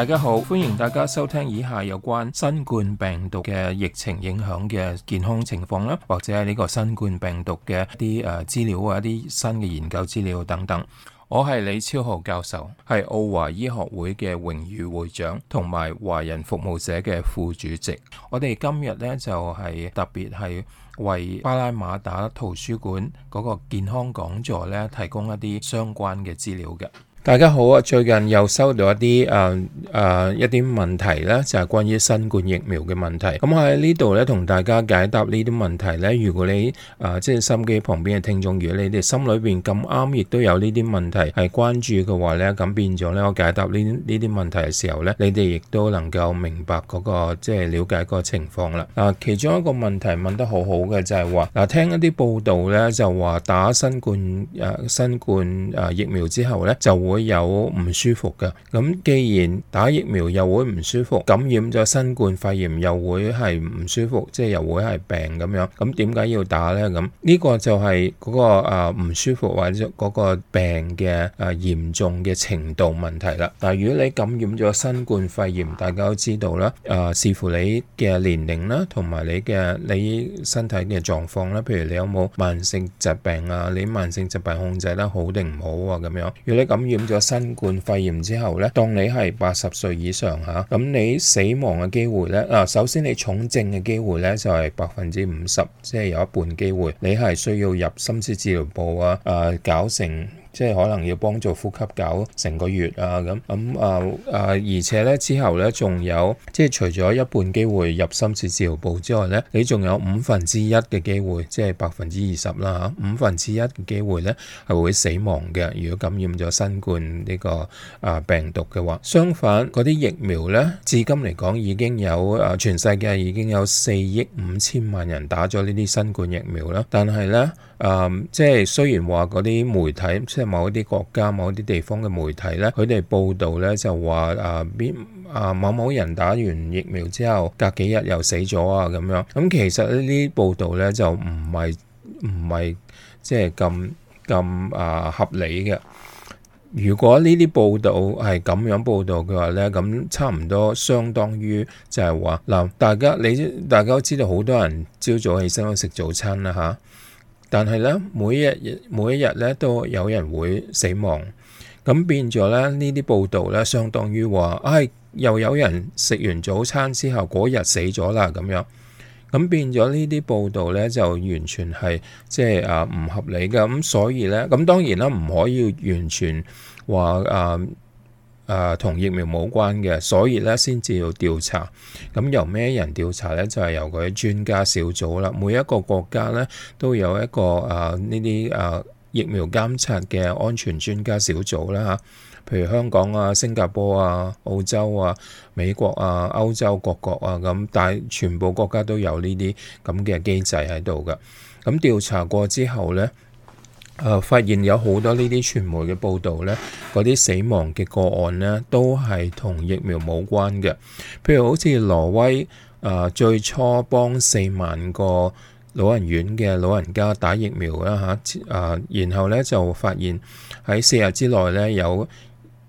大家好，歡迎大家收聽以下有關新冠病毒嘅疫情影響嘅健康情況啦，或者係呢個新冠病毒嘅一啲誒資料啊，一啲新嘅研究資料等等。我係李超豪教授，係澳華醫學會嘅榮譽會長，同埋華人服務社嘅副主席。我哋今日咧就係、是、特別係為巴拉馬打圖書館嗰個健康講座咧提供一啲相關嘅資料嘅。大家好啊！最近又收到一啲誒誒一啲問題咧，就係關於新冠疫苗嘅問題。咁喺呢度咧，同大家解答呢啲問題咧。如果你誒即係心機旁邊嘅聽眾，如果你哋心裏邊咁啱，亦都有呢啲問題係關注嘅話咧，咁變咗咧，我解答呢呢啲問題嘅時候咧，你哋亦都能夠明白嗰個即係了解個情況啦。嗱，其中一個問題問得好好嘅就係話，嗱，聽一啲報道咧，就話打新冠誒新冠誒疫苗之後咧就。會有唔舒服嘅，咁既然打疫苗又會唔舒服，感染咗新冠肺炎又會係唔舒服，即係又會係病咁樣，咁點解要打咧？咁呢個就係嗰個誒唔舒服或者嗰個病嘅誒嚴重嘅程度問題啦。但係，如果你感染咗新冠肺炎，大家都知道啦，誒視乎你嘅年齡啦，同埋你嘅你身體嘅狀況啦，譬如你有冇慢性疾病啊，你慢性疾病控制得好定唔好啊，咁樣，如果你感染咗新冠肺炎之後咧，當你係八十歲以上吓，咁、啊、你死亡嘅機會咧，啊首先你重症嘅機會咧就係百分之五十，即係有一半機會你係需要入深切治療部啊，誒、啊、搞成。即係可能要幫助呼吸搞成個月啊！咁咁、嗯、啊啊！而且咧之後咧，仲有即係除咗一半機會入深切治療部之外咧，你仲有五分之一嘅機會，即係百分之二十啦嚇，五分之一嘅機會咧係會死亡嘅。如果感染咗新冠呢個啊病毒嘅話，相反嗰啲疫苗咧，至今嚟講已經有啊全世界已經有四億五千萬人打咗呢啲新冠疫苗啦，但係咧，嗯誒，即係雖然話嗰啲媒體，即係某一啲國家、某一啲地方嘅媒體呢，佢哋報道呢就話誒邊誒某某人打完疫苗之後，隔幾日又死咗啊咁樣。咁其實呢啲報道呢就唔係唔係即係咁咁誒合理嘅。如果呢啲報道係咁樣報道嘅話呢，咁差唔多相當於就係話嗱，大家你大家都知道，好多人朝早起身去食早餐啦嚇。但係咧，每一日每一日咧都有人會死亡，咁變咗咧呢啲報道咧，相當於話，唉、哎，又有人食完早餐之後嗰日死咗啦咁樣，咁變咗呢啲報道咧就完全係即係啊唔合理嘅，咁所以咧，咁當然啦，唔可以完全話啊。誒同、啊、疫苗冇關嘅，所以咧先至要調查。咁由咩人調查咧？就係、是、由佢專家小組啦。每一個國家咧都有一個誒呢啲誒疫苗監察嘅安全專家小組啦嚇、啊。譬如香港啊、新加坡啊、澳洲啊、美國啊、歐洲各國啊咁、啊，但係全部國家都有呢啲咁嘅機制喺度㗎。咁調查過之後咧。誒、呃、發現有好多傳呢啲傳媒嘅報導咧，嗰啲死亡嘅個案咧，都係同疫苗冇關嘅。譬如好似挪威，誒、呃、最初幫四萬個老人院嘅老人家打疫苗啦嚇，誒、啊啊、然後咧就發現喺四日之內咧有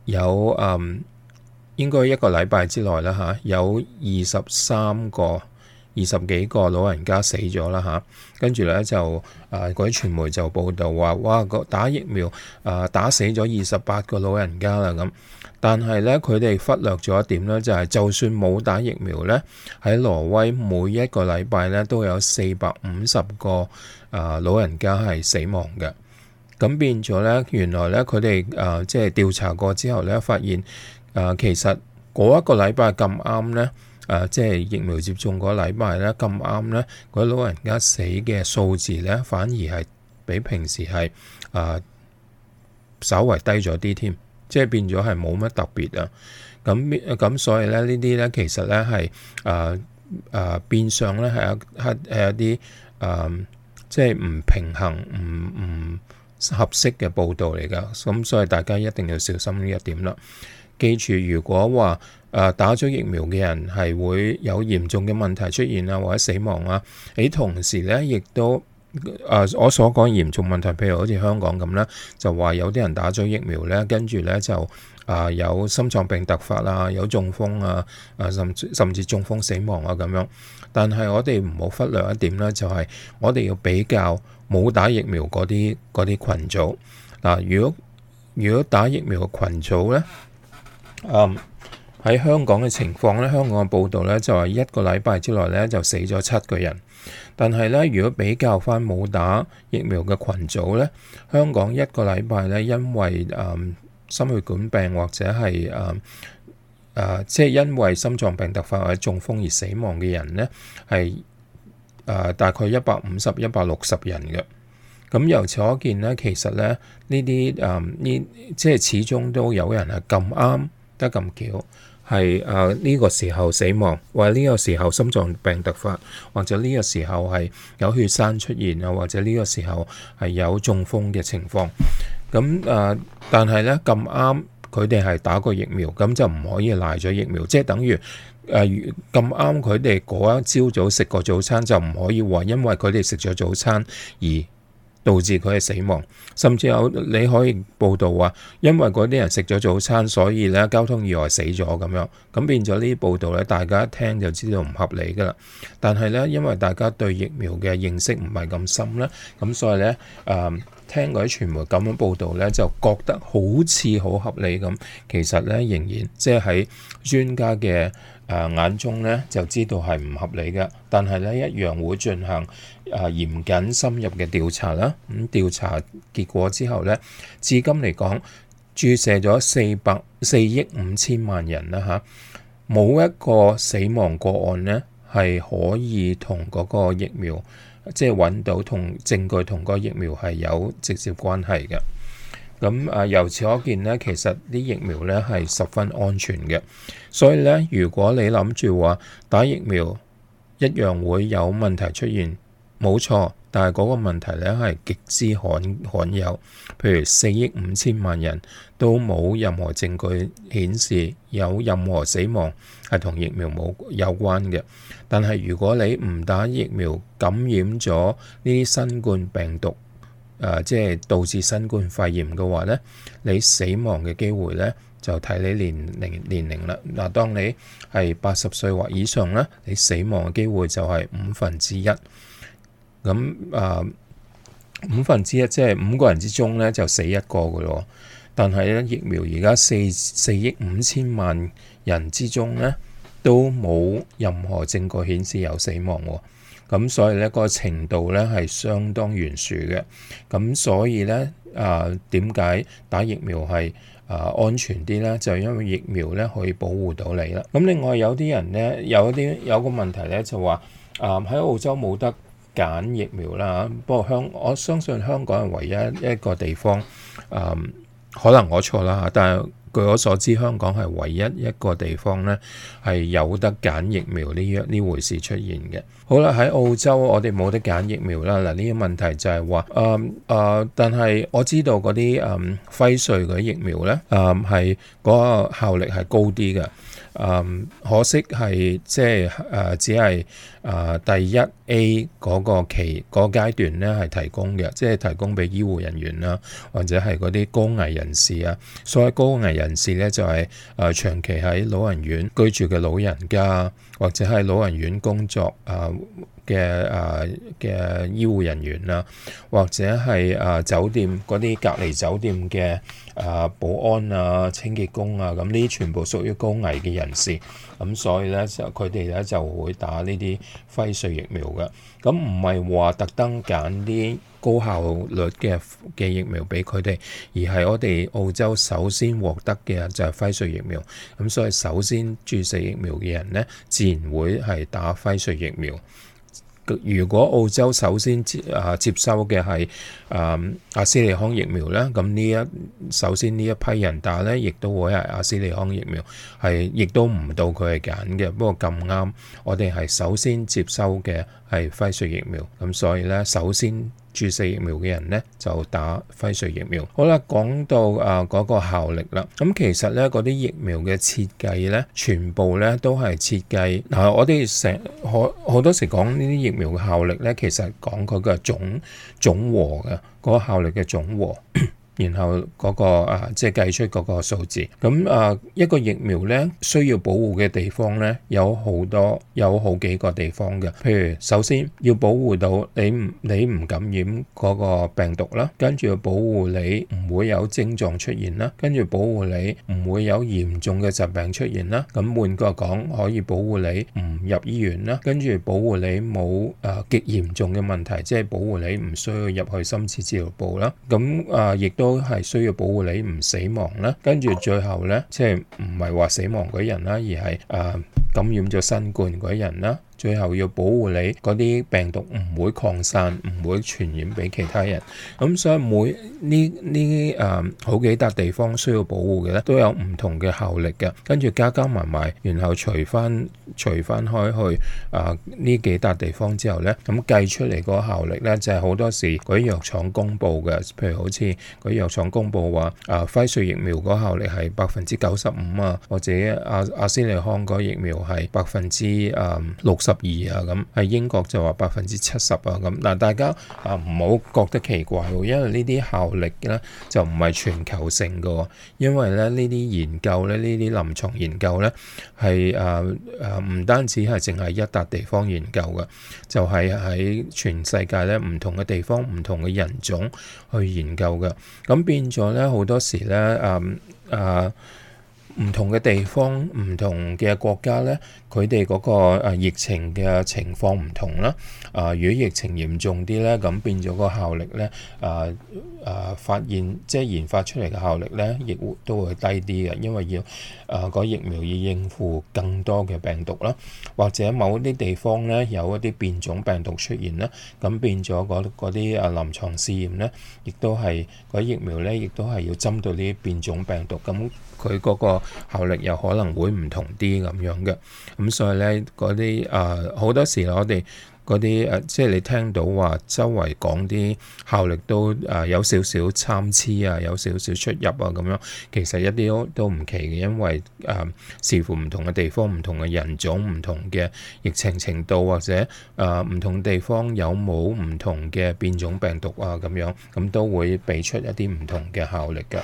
有誒、呃、應該一個禮拜之內啦嚇，有二十三個。二十幾個老人家死咗啦嚇，跟住咧就誒嗰啲傳媒就報道話，哇！打疫苗誒、呃、打死咗二十八個老人家啦咁。但係咧，佢哋忽略咗一點咧，就係、是、就算冇打疫苗咧，喺挪威每一個禮拜咧都有四百五十個誒、呃、老人家係死亡嘅。咁變咗咧，原來咧佢哋誒即係調查過之後咧，發現誒、呃、其實嗰一個禮拜咁啱咧。誒，即係疫苗接種個禮拜咧咁啱咧，個老人家死嘅數字咧反而係比平時係誒稍為低咗啲添，即係變咗係冇乜特別啊。咁咁所以咧呢啲咧其實咧係誒誒變相咧係一係係一啲誒即係唔平衡、唔唔合適嘅報導嚟噶。咁所以大家一定要小心呢一點啦。記住，如果話。誒打咗疫苗嘅人係會有嚴重嘅問題出現啊，或者死亡啊。喺同時咧，亦都誒我所講嚴重問題，譬如好似香港咁咧，就話有啲人打咗疫苗咧，跟住咧就誒有心臟病突發啊，有中風啊，誒甚甚至中風死亡啊咁樣。但係我哋唔好忽略一點咧，就係我哋要比較冇打疫苗嗰啲嗰啲羣組。嗱，如果如果打疫苗嘅羣組咧，嗯。喺香港嘅情況咧，香港嘅報道咧就話、是、一個禮拜之內咧就死咗七個人。但係咧，如果比較翻冇打疫苗嘅群組咧，香港一個禮拜咧因為誒、嗯、心血管病或者係誒誒即係因為心臟病突發或者中風而死亡嘅人咧係誒大概一百五十一百六十人嘅。咁、嗯、由此可見咧，其實咧呢啲誒呢即係始終都有人係咁啱得咁巧。係誒呢個時候死亡，或者呢個時候心臟病突發，或者呢個時候係有血栓出現啊，或者呢個時候係有中風嘅情況。咁誒，但係咧咁啱佢哋係打過疫苗，咁就唔可以賴咗疫苗，即係等於誒咁啱佢哋嗰一朝早食過早餐就唔可以話，因為佢哋食咗早餐而。導致佢嘅死亡，甚至有你可以報道啊，因為嗰啲人食咗早餐，所以咧交通意外死咗咁樣，咁變咗呢啲報道咧，大家一聽就知道唔合理噶啦。但係咧，因為大家對疫苗嘅認識唔係咁深啦，咁所以咧誒、嗯、聽嗰啲傳媒咁樣報道咧，就覺得好似好合理咁，其實咧仍然即係喺專家嘅。眼中咧就知道係唔合理嘅，但係咧一樣會進行誒、啊、嚴謹深入嘅調查啦。咁、嗯、調查結果之後咧，至今嚟講，注射咗四百四億五千萬人啦，吓、啊、冇一個死亡個案咧係可以同嗰個疫苗，即係揾到同證據同個疫苗係有直接關係嘅。咁啊，由此可見咧，其實啲疫苗咧係十分安全嘅。所以咧，如果你諗住話打疫苗一樣會有問題出現，冇錯，但係嗰個問題咧係極之罕罕有。譬如四億五千萬人都冇任何證據顯示有任何死亡係同疫苗冇有關嘅。但係如果你唔打疫苗，感染咗呢啲新冠病毒。誒、呃，即係導致新冠肺炎嘅話咧，你死亡嘅機會咧，就睇你年齡年齡啦。嗱，當你係八十歲或以上咧，你死亡嘅機會就係五分之一。咁誒、呃，五分之一即係五個人之中咧就死一個㗎喎。但係咧，疫苗而家四四億五千萬人之中咧，都冇任何證據顯示有死亡喎。咁所以呢、呢個程度呢係相當懸殊嘅。咁所以呢啊，點解打疫苗係啊、呃、安全啲呢？就因為疫苗呢可以保護到你啦。咁另外有啲人呢，有啲有個問題呢，就話啊喺澳洲冇得揀疫苗啦、啊，不過香我相信香港係唯一一個地方啊、呃，可能我錯啦嚇，但係據我所知香港係唯一一個地方呢，係有得揀疫苗呢樣呢回事出現嘅。好啦，喺澳洲我哋冇得揀疫苗啦。嗱，呢個問題就係話，誒誒，但係我知道嗰啲誒輝瑞嗰啲疫苗咧，誒係嗰個效力係高啲嘅。誒可惜係即係誒只係誒第一 A 嗰個期嗰階段咧係提供嘅，即係提供俾醫護人員啦，或者係嗰啲高危人士啊。所謂高危人士咧就係誒長期喺老人院居住嘅老人家。或者係老人院工作嘅啊嘅醫護人員、啊、或者係、啊、酒店嗰啲隔離酒店嘅、啊、保安啊清潔工啊，咁呢啲全部屬於高危嘅人士，咁、啊、所以呢，佢哋呢就會打呢啲輝瑞疫苗嘅，咁唔係話特登揀啲高效率嘅嘅疫苗俾佢哋，而係我哋澳洲首先獲得嘅就係輝瑞疫苗，咁所以首先注射疫苗嘅人呢，自然會係打輝瑞疫苗。如果澳洲首先接啊接收嘅係啊阿斯利康疫苗呢，咁呢一首先呢一批人打呢，亦都會係阿斯利康疫苗，係亦都唔到佢係揀嘅。不過咁啱，我哋係首先接收嘅。係輝瑞疫苗，咁所以呢，首先注射疫苗嘅人呢，就打輝瑞疫苗。好啦，講到啊嗰個效力啦，咁、啊、其實呢，嗰啲疫苗嘅設計呢，全部呢都係設計。嗱、啊，我哋成好好多時講呢啲疫苗嘅效力呢，其實講佢嘅總總和嘅嗰個效力嘅總和。 然後嗰、那個啊，即係計出嗰個數字。咁、嗯、啊，一個疫苗咧需要保護嘅地方咧有好多，有好幾個地方嘅。譬如首先要保護到你唔你唔感染嗰個病毒啦，跟住要保護你唔會有症狀出現啦，跟住保護你唔會有嚴重嘅疾病出現啦。咁、嗯、換句話講，可以保護你唔入醫院啦，跟住保護你冇啊極嚴重嘅問題，即係保護你唔需要入去深切治療部啦。咁、嗯、啊亦。都係需要保護你唔死亡啦，跟住最後咧，即係唔係話死亡嗰人啦，而係誒、呃、感染咗新冠嗰人啦。最後要保護你嗰啲病毒唔會擴散，唔會傳染俾其他人。咁所以每呢呢誒好幾笪地方需要保護嘅咧，都有唔同嘅效力嘅。跟住加加埋埋，然後除翻除翻開去啊呢幾笪地方之後咧，咁、啊、計出嚟個效力咧，就係、是、好多時嗰啲藥廠公布嘅，譬如好似嗰啲藥廠公布話啊輝瑞疫苗嗰效力係百分之九十五啊，或者阿阿斯利康嗰疫苗係百分之誒六十。十二啊咁，喺英國就話百分之七十啊咁。嗱，大家啊唔好覺得奇怪喎，因為呢啲效力咧就唔係全球性㗎，因為咧呢啲研究咧，呢啲臨床研究咧係誒誒唔單止係淨係一笪地方研究嘅，就係、是、喺全世界咧唔同嘅地方、唔同嘅人種去研究嘅。咁變咗咧，好多時咧誒誒唔同嘅地方、唔同嘅國家咧。佢哋嗰個疫情嘅情況唔同啦，誒、呃、如果疫情嚴重啲咧，咁變咗個效力咧，誒、呃、誒、呃、發現即係研發出嚟嘅效力咧，亦都會低啲嘅，因為要誒、呃嗰個、疫苗要應付更多嘅病毒啦，或者某啲地方咧有一啲變種病毒出現啦，咁變咗嗰啲誒臨床試驗咧，亦都係、嗰個疫苗咧，亦都係要針對呢啲變種病毒，咁佢嗰個效力又可能會唔同啲咁樣嘅。咁、嗯、所以咧，嗰啲誒好多時我哋嗰啲誒，即係你聽到話、啊、周圍講啲效力都誒有少少參差啊，有少少出入啊咁樣，其實一啲都都唔奇嘅，因為誒、啊、視乎唔同嘅地方、唔同嘅人種、唔同嘅疫情程度或者誒唔同、啊、地方有冇唔同嘅變種病毒啊咁樣，咁、嗯、都會俾出一啲唔同嘅效力嘅。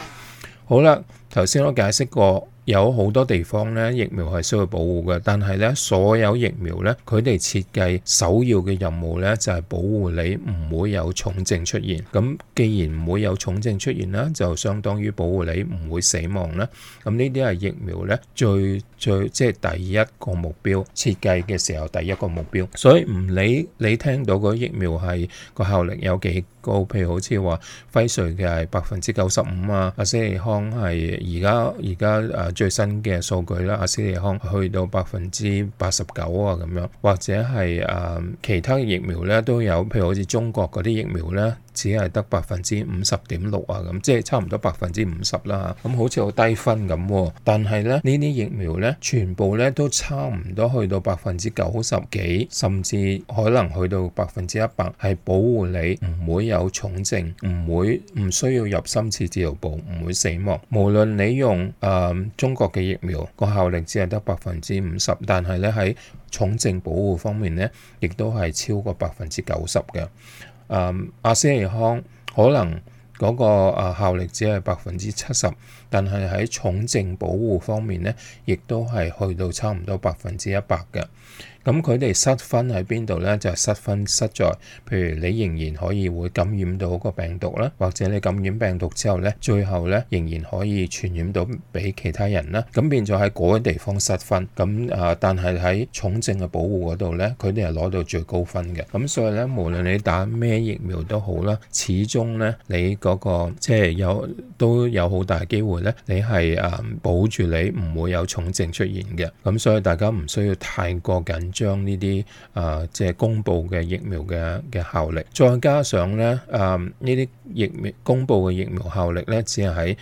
好啦，頭先我解釋過。有好多地方咧，疫苗係需要保護嘅，但係咧，所有疫苗咧，佢哋設計首要嘅任務咧，就係保護你唔會有重症出現。咁既然唔會有重症出現啦，就相當於保護你唔會死亡啦。咁呢啲係疫苗咧，最最即係第一個目標，設計嘅時候，第一個目標。所以唔理你聽到個疫苗係個效力有幾高，譬如好似話輝瑞嘅係百分之九十五啊，阿斯利康係而家而家誒。最新嘅數據啦，阿斯利康去到百分之八十九啊咁樣，或者係誒、呃、其他嘅疫苗咧都有，譬如好似中國嗰啲疫苗咧。只係得百分之五十點六啊，咁即係差唔多百分之五十啦。咁、嗯、好似好低分咁，但係咧呢啲疫苗咧，全部咧都差唔多去到百分之九十幾，甚至可能去到百分之一百，係保護你唔會有重症，唔會唔需要入深切治療部，唔會死亡。無論你用誒、呃、中國嘅疫苗，個效力只係得百分之五十，但係咧喺重症保護方面咧，亦都係超過百分之九十嘅。誒、um, 阿斯利康可能嗰個效力只係百分之七十，但係喺重症保護方面咧，亦都係去到差唔多百分之一百嘅。咁佢哋失分喺邊度呢？就係、是、失分失在，譬如你仍然可以會感染到嗰個病毒啦，或者你感染病毒之後呢，最後呢，仍然可以傳染到俾其他人啦，咁變咗喺嗰啲地方失分。咁啊、呃，但係喺重症嘅保護嗰度呢，佢哋係攞到最高分嘅。咁所以呢，無論你打咩疫苗都好啦，始終呢，你嗰、那個即係有都有好大機會呢，你係啊、呃、保住你唔會有重症出現嘅。咁所以大家唔需要太過緊。將呢啲啊，即係公布嘅疫苗嘅嘅效力，再加上咧啊，呢啲疫苗公佈嘅疫苗效力咧，只係喺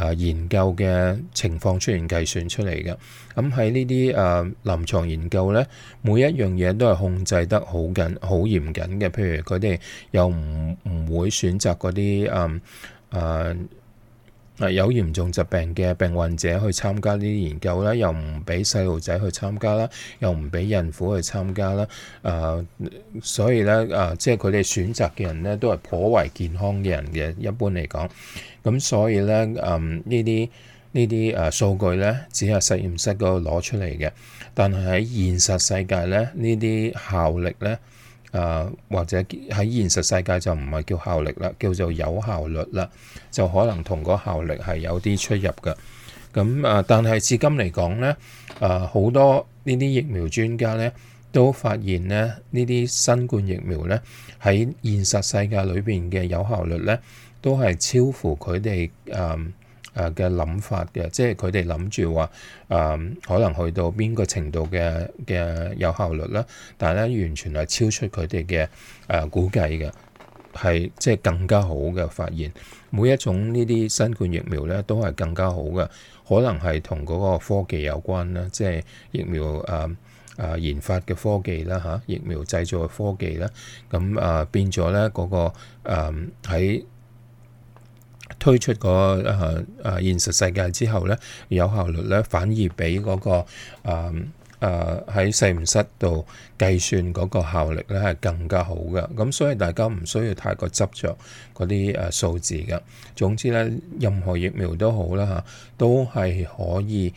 啊研究嘅情況出現計算出嚟嘅。咁喺呢啲啊臨床研究咧，每一樣嘢都係控制得好緊、好嚴謹嘅。譬如佢哋又唔唔會選擇嗰啲啊啊，呃呃有嚴重疾病嘅病患者去參加呢啲研究啦，又唔俾細路仔去參加啦，又唔俾孕婦去參加啦。誒、呃，所以咧，誒、呃，即係佢哋選擇嘅人咧，都係頗為健康嘅人嘅。一般嚟講，咁所以咧，嗯、呃，呢啲呢啲誒數據咧，只係實驗室嗰度攞出嚟嘅，但係喺現實世界咧，呢啲效力咧。啊、或者喺現實世界就唔係叫效力啦，叫做有效率啦，就可能同嗰效力係有啲出入嘅。咁誒、啊，但係至今嚟講呢，啊、好多呢啲疫苗專家呢都發現呢，呢啲新冠疫苗呢喺現實世界裏邊嘅有效率呢都係超乎佢哋誒、嗯嘅諗法嘅，即係佢哋諗住話誒，可能去到邊個程度嘅嘅有效率啦，但係咧，完全係超出佢哋嘅誒估計嘅，係即係更加好嘅發現。每一種呢啲新冠疫苗咧，都係更加好嘅，可能係同嗰個科技有關啦。即係疫苗誒誒、呃呃、研發嘅科技啦，嚇、啊、疫苗製造嘅科技啦，噉、啊、誒、呃、變咗咧嗰個喺。呃推出個誒誒現實世界之後咧，有效率咧反而比嗰、個誒誒喺實驗室度計算嗰個效力咧係更加好嘅。咁所以大家唔需要太過執着嗰啲誒數字嘅。總之咧，任何疫苗都好啦嚇、啊，都係可以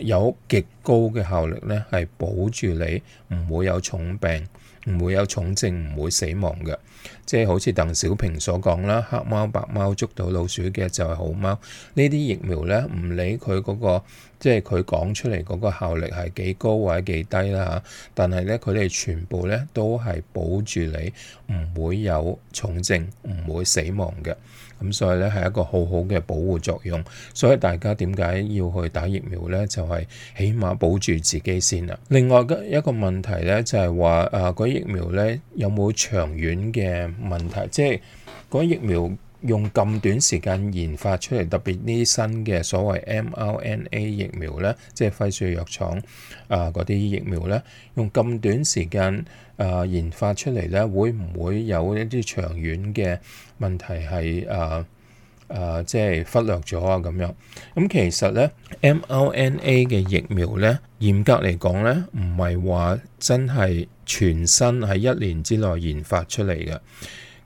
有極高嘅效力咧，係保住你唔會有重病。唔會有重症，唔會死亡嘅。即係好似鄧小平所講啦，黑貓白貓捉到老鼠嘅就係好貓。呢啲疫苗咧，唔理佢嗰個，即係佢講出嚟嗰個效力係幾高或者幾低啦嚇。但係咧，佢哋全部咧都係保住你唔會有重症，唔會死亡嘅。咁所以呢係一個好好嘅保護作用，所以大家點解要去打疫苗呢？就係起碼保住自己先啦。另外嘅一個問題呢，就係話誒嗰疫苗呢有冇長遠嘅問題？即係嗰疫苗用咁短時間研發出嚟，特別啲新嘅所謂 mRNA 疫苗呢，即係輝瑞藥廠啊嗰啲疫苗呢，用咁短時間誒研發出嚟呢，會唔會有一啲長遠嘅？問題係誒誒，即係忽略咗啊咁樣。咁其實咧，mRNA 嘅疫苗咧，嚴格嚟講咧，唔係話真係全新喺一年之內研發出嚟嘅。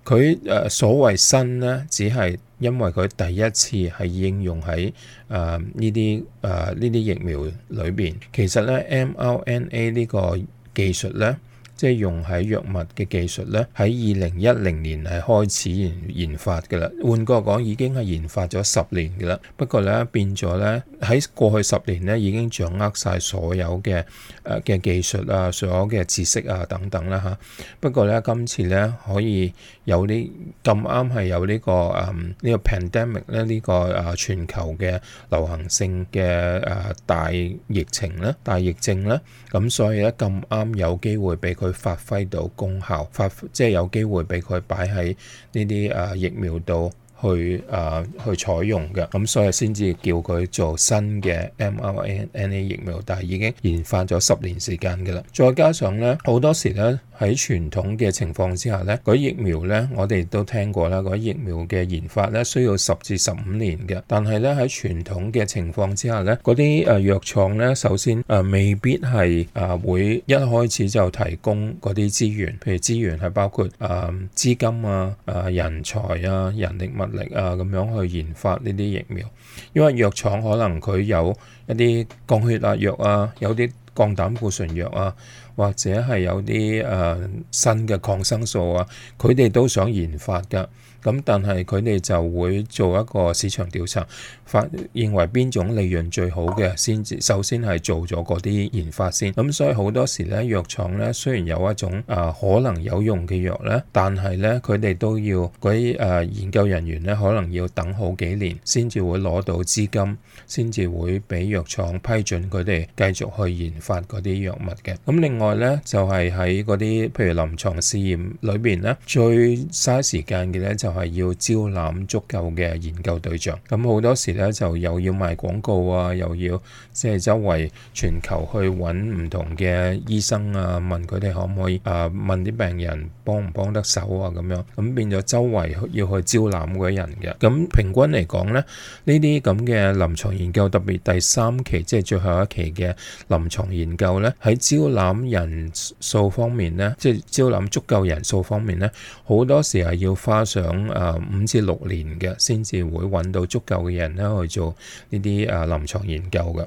佢誒、呃、所謂新咧，只係因為佢第一次係應用喺誒呢啲誒呢啲疫苗裏邊。其實咧，mRNA 呢個技術咧。即係用喺藥物嘅技術咧，喺二零一零年係開始研研發嘅啦。換句講，已經係研發咗十年嘅啦。不過咧，變咗咧，喺過去十年咧，已經掌握晒所有嘅誒嘅技術啊，所有嘅知識啊等等啦嚇。不過咧，今次咧，可以。有啲咁啱係有呢、呢個誒呢、嗯呢個 pandemic 咧、呢個，呢個誒全球嘅流行性嘅誒、啊、大疫情咧、啊、大疫症咧，咁、啊、所以咧咁啱有機會俾佢發揮到功效，發即係有機會俾佢擺喺呢啲誒疫苗度去誒、啊、去採用嘅，咁、啊、所以先至叫佢做新嘅 mRNA 疫苗，但係已經研發咗十年時間㗎啦。再加上咧好多時咧。喺傳統嘅情況之下咧，嗰疫苗咧，我哋都聽過啦。嗰疫苗嘅研發咧，需要十至十五年嘅。但係咧，喺傳統嘅情況之下咧，嗰啲誒藥廠咧，首先誒、啊、未必係誒、啊、會一開始就提供嗰啲資源，譬如資源係包括誒、啊、資金啊、誒、啊、人才啊、人力物力啊咁樣去研發呢啲疫苗。因為藥廠可能佢有一啲降血壓藥啊，有啲。降膽固醇藥啊，或者係有啲呃新嘅抗生素啊，佢哋都想研發㗎。咁但係佢哋就會做一個市場調查，發認為邊種利潤最好嘅先至，首先係做咗嗰啲研發先。咁、嗯、所以好多時呢，藥廠呢，雖然有一種啊可能有用嘅藥呢，但係呢，佢哋都要嗰啲誒研究人員呢，可能要等好幾年先至會攞到資金，先至會俾藥廠批准佢哋繼續去研發嗰啲藥物嘅。咁、嗯、另外呢，就係喺嗰啲譬如臨床試驗裏邊呢，最嘥時間嘅呢就是、～係要招攬足夠嘅研究對象，咁好多時咧就又要賣廣告啊，又要即係周圍全球去揾唔同嘅醫生啊，問佢哋可唔可以啊，問啲病人幫唔幫得手啊咁樣，咁變咗周圍要去招攬嗰啲人嘅。咁平均嚟講咧，呢啲咁嘅臨床研究，特別第三期即係最後一期嘅臨床研究咧，喺招攬人數方面咧，即係招攬足夠人數方面咧，好多時，係要花上。咁誒五至六年嘅，先至會揾到足夠嘅人咧去做呢啲誒臨床研究嘅。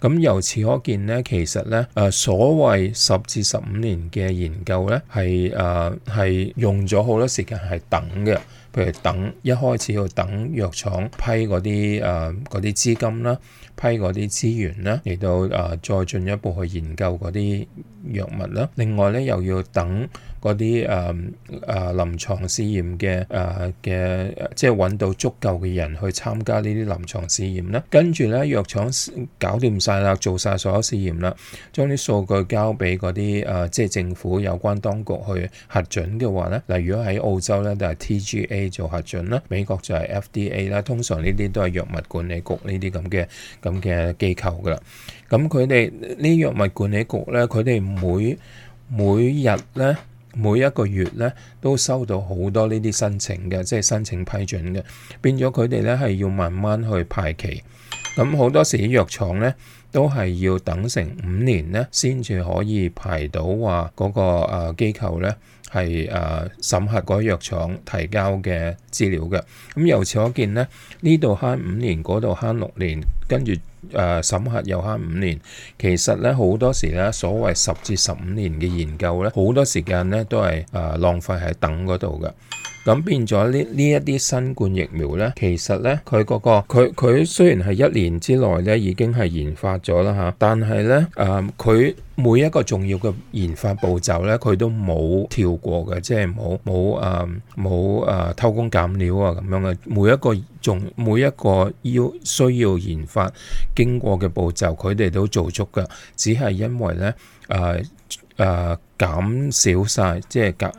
咁、啊、由此可見咧，其實咧誒、啊、所謂十至十五年嘅研究咧，係誒係用咗好多時間係等嘅。譬如等一開始要等藥廠批嗰啲誒嗰啲資金啦，批嗰啲資源啦，嚟到誒、啊、再進一步去研究嗰啲藥物啦。另外咧又要等。嗰啲誒誒臨床試驗嘅誒嘅，即係揾到足夠嘅人去參加呢啲臨床試驗啦。跟住咧，藥廠搞掂曬啦，做曬所有試驗啦，將啲數據交俾嗰啲誒，即係政府有關當局去核准嘅話咧。嗱，如果喺澳洲咧，就係 TGA 做核准啦；美國就係 FDA 啦。通常呢啲都係藥物管理局呢啲咁嘅咁嘅機構噶啦。咁佢哋呢藥物管理局咧，佢哋每每日咧。每一個月咧都收到好多呢啲申請嘅，即係申請批准嘅，變咗佢哋咧係要慢慢去排期。咁好多時啲藥廠咧都係要等成五年咧先至可以排到話嗰個誒機構咧。係誒審核嗰藥廠提交嘅資料嘅，咁由此可見咧，呢度慳五年，嗰度慳六年，跟住誒審核又慳五年，其實咧好多時咧所謂十至十五年嘅研究咧，好多時間咧都係誒浪費喺等嗰度嘅。咁變咗呢呢一啲新冠疫苗咧，其實咧佢嗰個佢佢雖然係一年之內咧已經係研發咗啦嚇，但係咧誒佢每一個重要嘅研發步驟咧，佢都冇跳過嘅，即係冇冇誒冇誒偷工減料啊咁樣嘅，每一個仲每一個要需要研發經過嘅步驟，佢哋都做足㗎，只係因為咧誒誒減少曬即係減。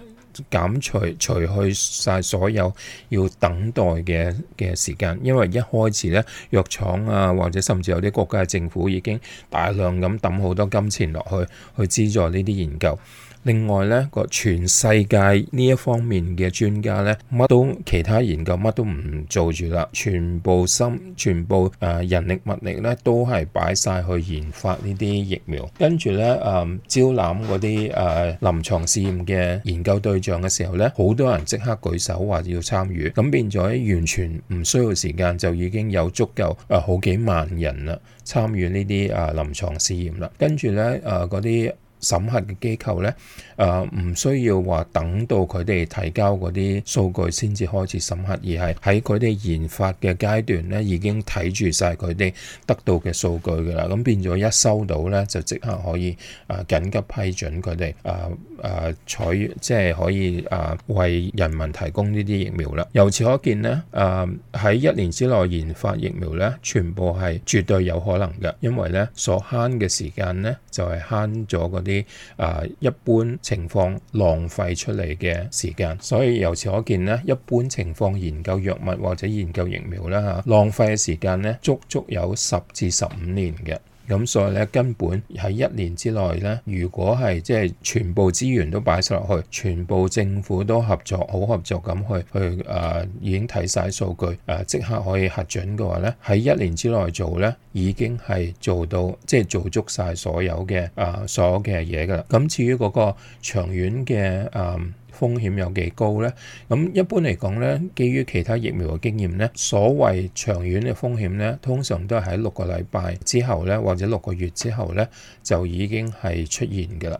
減除除去晒所有要等待嘅嘅時間，因為一開始咧藥廠啊，或者甚至有啲國家嘅政府已經大量咁抌好多金錢落去去資助呢啲研究。另外咧個全世界呢一方面嘅專家咧，乜都其他研究乜都唔做住啦，全部心全部誒人力物力咧都係擺晒去研發呢啲疫苗，跟住咧誒招攬嗰啲誒臨床試驗嘅研究對象。嘅時候咧，好多人即刻舉手話要參與，咁變咗完全唔需要時間，就已經有足夠誒、呃、好幾萬人啦參與呢啲誒臨床試驗啦。跟住咧誒嗰啲，呃審核嘅機構呢，誒、啊、唔需要話等到佢哋提交嗰啲數據先至開始審核，而係喺佢哋研發嘅階段呢已經睇住晒佢哋得到嘅數據㗎喇。咁變咗一收到呢，就即刻可以誒、啊、緊急批准佢哋誒誒採，即、就、係、是、可以誒、啊、為人民提供呢啲疫苗啦。由此可見呢，誒、啊、喺一年之內研發疫苗呢，全部係絕對有可能嘅，因為呢所慳嘅時間呢，就係慳咗個啲啊一般情況浪費出嚟嘅時間，所以由此可見咧，一般情況研究藥物或者研究疫苗咧嚇，浪費嘅時間咧足足有十至十五年嘅。咁所以咧根本喺一年之內咧，如果係即係全部資源都擺晒落去，全部政府都合作好合作咁去去誒、呃，已經睇晒數據誒，即、呃、刻可以核准嘅話咧，喺一年之內做咧已經係做到即係做足晒所有嘅誒、呃、所有嘅嘢噶啦。咁至於嗰個長遠嘅誒。呃風險有幾高呢？咁一般嚟講呢，基於其他疫苗嘅經驗呢，所謂長遠嘅風險呢，通常都係喺六個禮拜之後呢，或者六個月之後呢，就已經係出現嘅啦。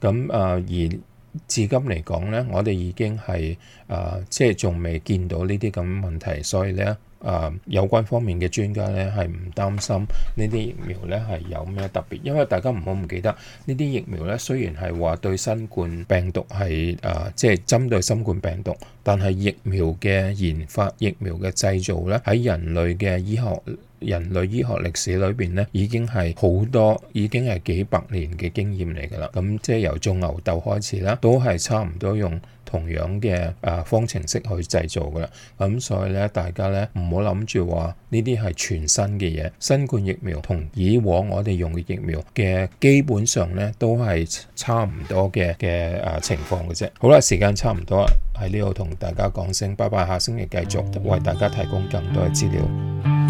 咁啊、呃，而至今嚟講呢，我哋已經係、呃、即係仲未見到呢啲咁問題，所以呢。呃、有關方面嘅專家咧，係唔擔心呢啲疫苗咧係有咩特別，因為大家唔好唔記得呢啲疫苗咧，雖然係話對新冠病毒係誒、呃、即係針對新冠病毒，但係疫苗嘅研發、疫苗嘅製造咧喺人類嘅醫學、人類醫學歷史裏邊咧已經係好多，已經係幾百年嘅經驗嚟㗎啦。咁即係由種牛痘開始啦，都係差唔多用。同樣嘅誒方程式去製造噶啦，咁、嗯、所以咧，大家咧唔好諗住話呢啲係全新嘅嘢，新冠疫苗同以往我哋用嘅疫苗嘅基本上咧都係差唔多嘅嘅誒情況嘅啫。好啦，時間差唔多啦，喺呢度同大家講聲拜拜，下星期繼續為大家提供更多嘅資料。